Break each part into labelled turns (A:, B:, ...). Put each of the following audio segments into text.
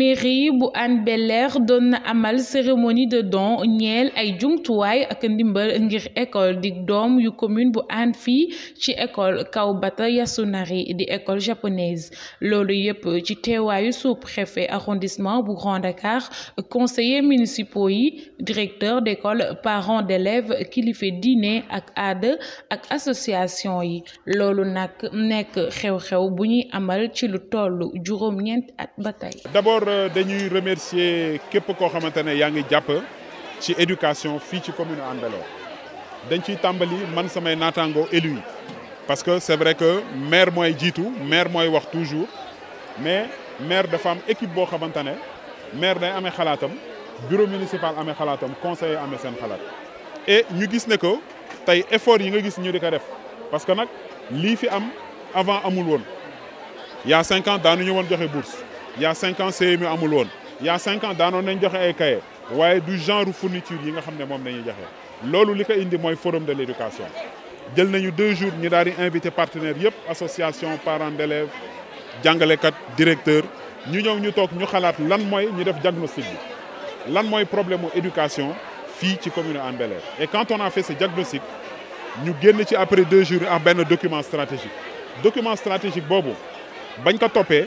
A: mairie bu Anne donne donne amal cérémonie de don ñeel ay Touai, ak ndimbal ngir école di doom yu commune bu Anne fi ci école Kawbata Yasunari di école japonaise lolu yépp ci teewaayu sous-préfet arrondissement bu Grand Dakar conseiller municipal, yi directeur d'école parents d'élèves lui fait ak ade ak association yi lolu nak nek xew-xew bu ñuy amal ci lu tollu at
B: d'abord dañuy remercier képp koo xamante ne yaa ngi jàpp ci éducation fii ci commune Hann-Bel-Air dañ ciy tàmbali man samay naataangoo élu parce que c'est vrai que maire mooy jiitu maire mooy wax toujours mais maire dafa am équipe boo xamante ne maire day amee xalaatam bureau municipal amee xalaatam conseil amee seen xalaat et ñu gis ne que tey effort yi nga gis ñu di def parce que nag lii fi am avant amul woon il y a cinq ans daanuñu woon joxe bourse il y a 5 ans mieux amul woon il y a 5 ans dans nañ joxe ay y a du genre fourniture yi nga que ne moom nañuy joxe loolu fait indi forum de l'éducation y nañu deux jours nous avons invité invité partenaires associations, parents d'élèves directeurs, directeur ñu avons ñu que ñu avons lan mooy ñu diagnostic Nous lan mooy problème mu éducation fii ci commune Hann et quand on a fait ce diagnostic nous avons ci après deux jours ak document stratégique document stratégique boobu bañ ko topé,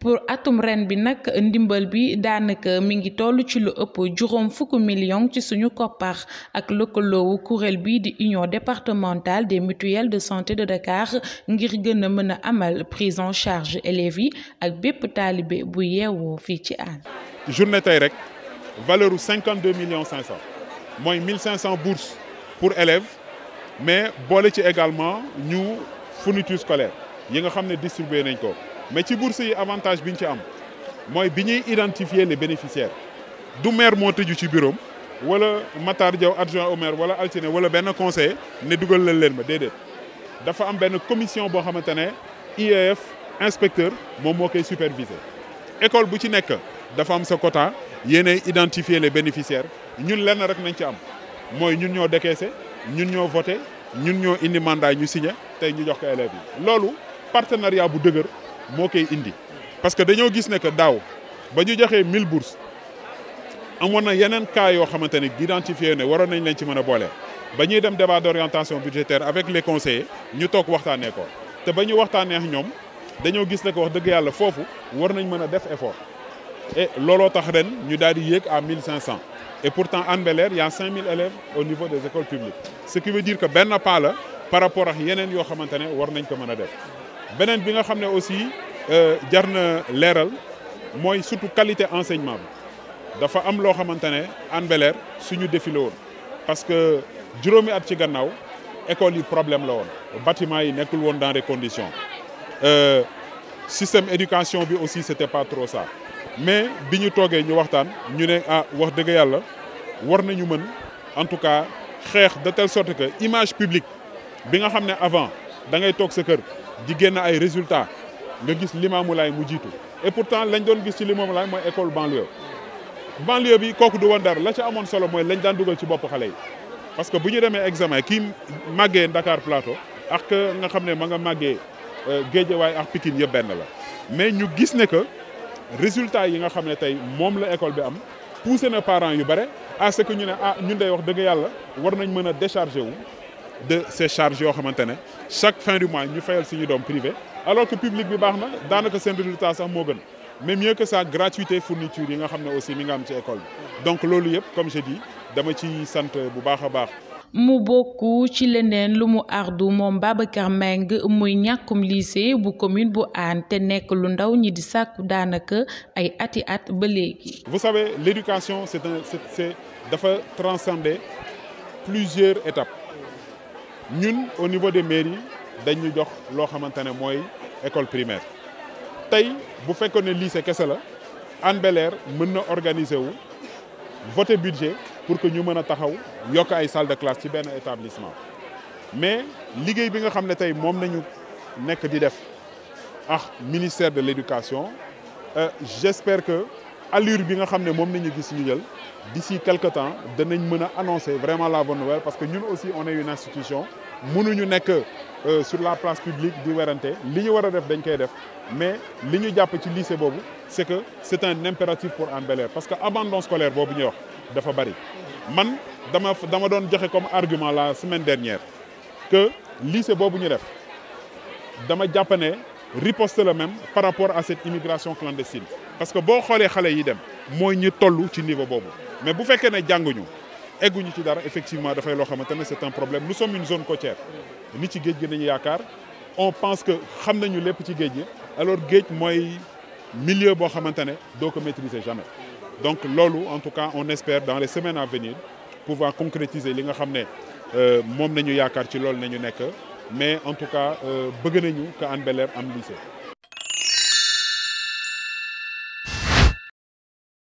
A: pour atum ren bi nak ndimbal bi danaka mi ngi toll ci lu upp juróom fukk million ci suñu koppar ak lëkkaloowu courel bi di union départementale des mutuelles de santé de Dakar ngir gëna mëna amal prise en charge élèves yi ak bépp talibé bu yéwo fi ci al
B: journée tay rek valeur 52 millions 500, moy 1500 bourses pour élèves mais bolé ci également ñu fourniture scolaire yi nga xamné distribuer nañ ko mais ci bourse yi avantage biñ ci am moy biñuy identifier les bénéficiaires du maire mo teju ci bureau wala Matar Diaw adjoint au maire wala altiné wala ben conseil. ne dugal leen leen ma déedéet dafa am ben commission bo xamantene IAF inspecteur mom moo koy superviser école bu ci nek dafa am sa quota yéenay identifier les bénéficiaires ñun lén rek nañ ci am moy ñun ño décaissé ñun ño voter ñun ño indi mandat ñu signé tay ñu jox ko élèves yi partenariat bu dëgër moo indi parce que dañu gis ne que daaw bañu joxé 1000 bourses amoon na yenen cas yo xamante ne identifié ne waroon nañ leen ci mëna bolé boole dem débat d'orientation budgétaire avec les conseillers ñu tok waxtaanee ko te ba ñu waxtaanee ak ñoom dañoo gis ne que wax dëgg yalla fofu war nañ mëna def effort. et lolo tax ren ñu daldi di à 1500 et pourtant en Bel-Air y a 5000 élèves au niveau des écoles publiques ce qui veut dire que ben pas la par rapport à yenen yo xamante war nañ ko mëna def benen bi nga xamné aussi euh jarna leeral moy surtout qualité enseignement dafa am lo xamante ne Hann suñu défi parce que juróomi at ci gannaaw école yi problème la won bâtiment yi nekul won dans des conditions euh, système éducation bi aussi c'était pas trop ça mais biñu togué ñu waxtaan ñu né ah wax deug yalla war nañu mën en tout cas xex de telle sorte que image publique bi nga xamné avant da ngay tok sa kër di génn ay résultats nga gis Limamou Laye mu jiitu et pourtant lañ doon gis ci Limamou Laye mooy école banlieue banlieue bi kooku du wandar dara la ca amoon solo mooy lañ daan dugal ci bopp xale yi parce que bu ñu demee examen kii màggee Dakar Plateau ak nga xam ne ma nga màggee euh, Guédiawaye ak Pikine yëpp benn la mais ñu gis ne que résultat yi nga xam ne tey moom la école bi am poussé na parents yu bare à ce que ñu ne ah ñun day wax dëgg yàlla war nañ mën décharger wu de ces charges yoo chaque fin du mois ñu fayal suñu doom privé alors que public bi baax na daanaka seen résultat sax gën mais mieux que ça gratuité fourniture yi nga xam aussi mi nga am ci école donc loolu comme je dis dama ci centre bu baax baax.
A: mu bokku ci leneen lu mu ardu moom Babacar Meng muy ñàkkum lycée bu commune bu Hann te nekk lu ndaw ñi di sàkku daanaka ay ati at ba léegi. vous
B: savez l'éducation c'est un c'est dafa transcender plusieurs étapes. Nous, au niveau des mairies nous avons jox ce ne école primaire si vous faites ne lycée kese la Belair Bel-Air na organiser wu voter budget pour que nous puissions a taxaw salles ay salle de classe ci un établissement mais ce que nga savez aujourd'hui, c'est ce nañu nekk di ah ministère de l'éducation euh, j'espère que allure bi nga nous mom d'ici quelques temps nous mëna annoncer vraiment la bonne nouvelle parce que nous aussi on est une institution sommes que euh, sur la place publique di RNT. liñu wara def dañ koy def mais liñu japp ci lycée c'est que c'est un impératif pour Anne parce que abandon scolaire c'est ñu wax dafa bari man dama comme argument la semaine dernière que lycée bobu ñu def dama japp né même par rapport à cette immigration clandestine parce que boo xoolee xale yi dem mooy ñu toll ci niveau boobu mais bu fekkee ne jànguñu egguñu ci dara effectivement dafay loo xamante ne c'est un problème nous sommes une zone côtière ni ci géej gi nañu on pense que xam nañu lépp ci géej gi alors géej mooy milieu boo xamante ne doo ko maîtriser jamais donc loolu en tout cas on espère dans les semaines à venir pouvoir concrétiser li nga xam ne euh, moom nañu yaakaar ci loolu nañu nekk mais en tout cas euh, bëgg nañu que en Bel-Air am lycée